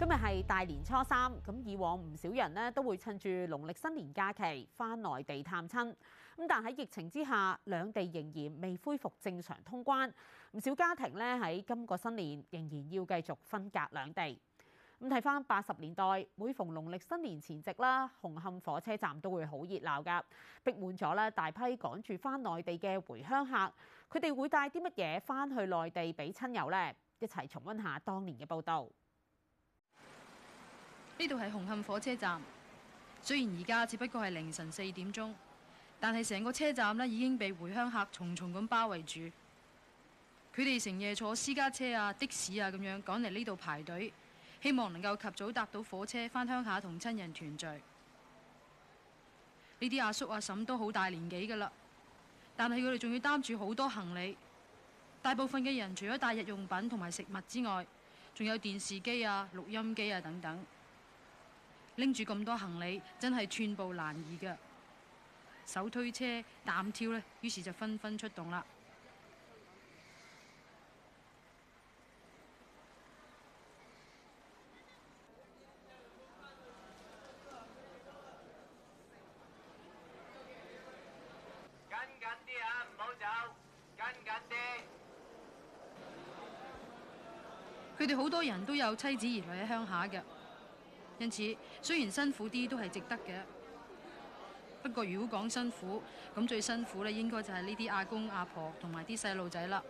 今日係大年初三，咁以往唔少人咧都會趁住農曆新年假期返內地探親。咁但喺疫情之下，兩地仍然未恢復正常通關，唔少家庭咧喺今個新年仍然要繼續分隔兩地。咁睇翻八十年代，每逢農曆新年前夕啦，紅磡火車站都會好熱鬧噶，逼滿咗大批趕住返內地嘅回鄉客。佢哋會帶啲乜嘢返去內地俾親友呢？一齊重溫下當年嘅報導。呢度係紅磡火車站，雖然而家只不過係凌晨四點鐘，但係成個車站咧已經被回鄉客重重咁包圍住。佢哋成夜坐私家車啊、的士啊咁樣趕嚟呢度排隊，希望能夠及早搭到火車返鄉下同親人團聚這些。呢啲阿叔阿嬸都好大年紀噶啦，但係佢哋仲要擔住好多行李。大部分嘅人除咗帶日用品同埋食物之外，仲有電視機啊、錄音機啊等等。拎住咁多行李，真係寸步難移㗎。手推車、擔挑呢，於是就紛紛出動啦。跟緊啲啊，唔好走，跟緊啲。佢哋好多人都有妻子兒女在鄉下，而嚟喺鄉下嘅。因此，雖然辛苦啲都係值得嘅。不過，如果講辛苦，咁最辛苦咧，應該就係呢啲阿公阿婆同埋啲細路仔啦。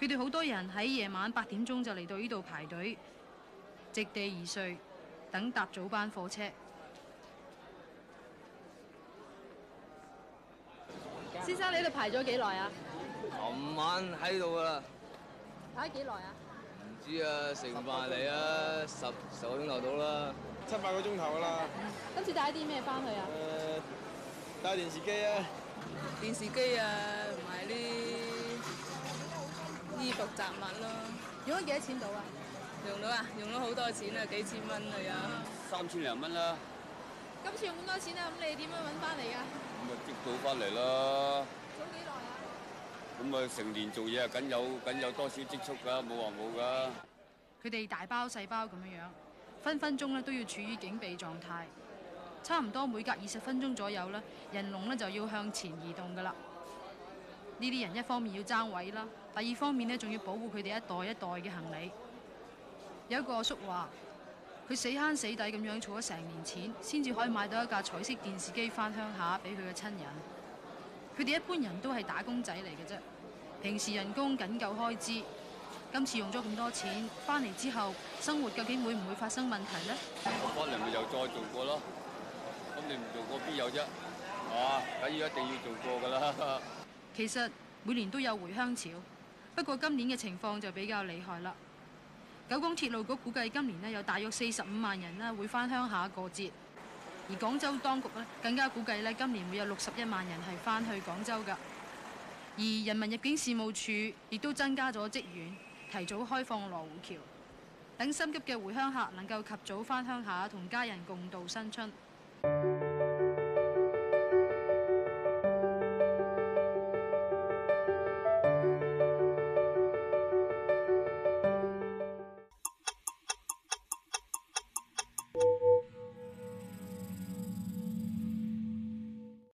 佢哋好多人喺夜晚八點鐘就嚟到呢度排隊，席地而睡，等搭早班火車。先生，你喺度排咗幾耐啊？琴晚喺度啦。排幾耐啊？煮啊，食完飯嚟啊，十十個鐘頭到啦，七百個鐘頭㗎啦。今次帶啲咩翻去啊？誒，帶電視機啊，電視機啊，同埋啲衣服雜物咯。用咗幾多錢到啊？用到啊，用咗好多錢啊，幾千蚊嚟啊。三千零蚊啦。今次用咁多錢啊？咁你點樣揾翻嚟啊？咁咪，積到翻嚟咯。走幾耐啊？咁啊，成年做嘢啊，僅有僅有多少積蓄㗎。冇話冇㗎。佢哋大包細包咁樣樣，分分鐘咧都要處於警備狀態。差唔多每隔二十分鐘左右呢，人龍咧就要向前移動㗎啦。呢啲人一方面要爭位啦，第二方面咧仲要保護佢哋一代一代嘅行李。有一個阿叔話，佢死慳死抵咁樣儲咗成年錢，先至可以買到一架彩色電視機返鄉下俾佢嘅親人。佢哋一般人都係打工仔嚟嘅啫，平時人工僅夠開支，今次用咗咁多錢，翻嚟之後生活究竟會唔會發生問題呢？我翻嚟咪又再做過咯，咁你唔做過邊有啫？啊，梗要一定要做過噶啦。其實每年都有回鄉潮，不過今年嘅情況就比較厲害啦。九廣鐵路局估計今年呢，有大約四十五萬人呢會翻鄉下過節。而廣州當局咧，更加估計咧，今年會有六十一萬人係返去廣州㗎。而人民入境事務處亦都增加咗職員，提早開放羅湖橋，等心急嘅回鄉客能夠及早返鄉下，同家人共度新春。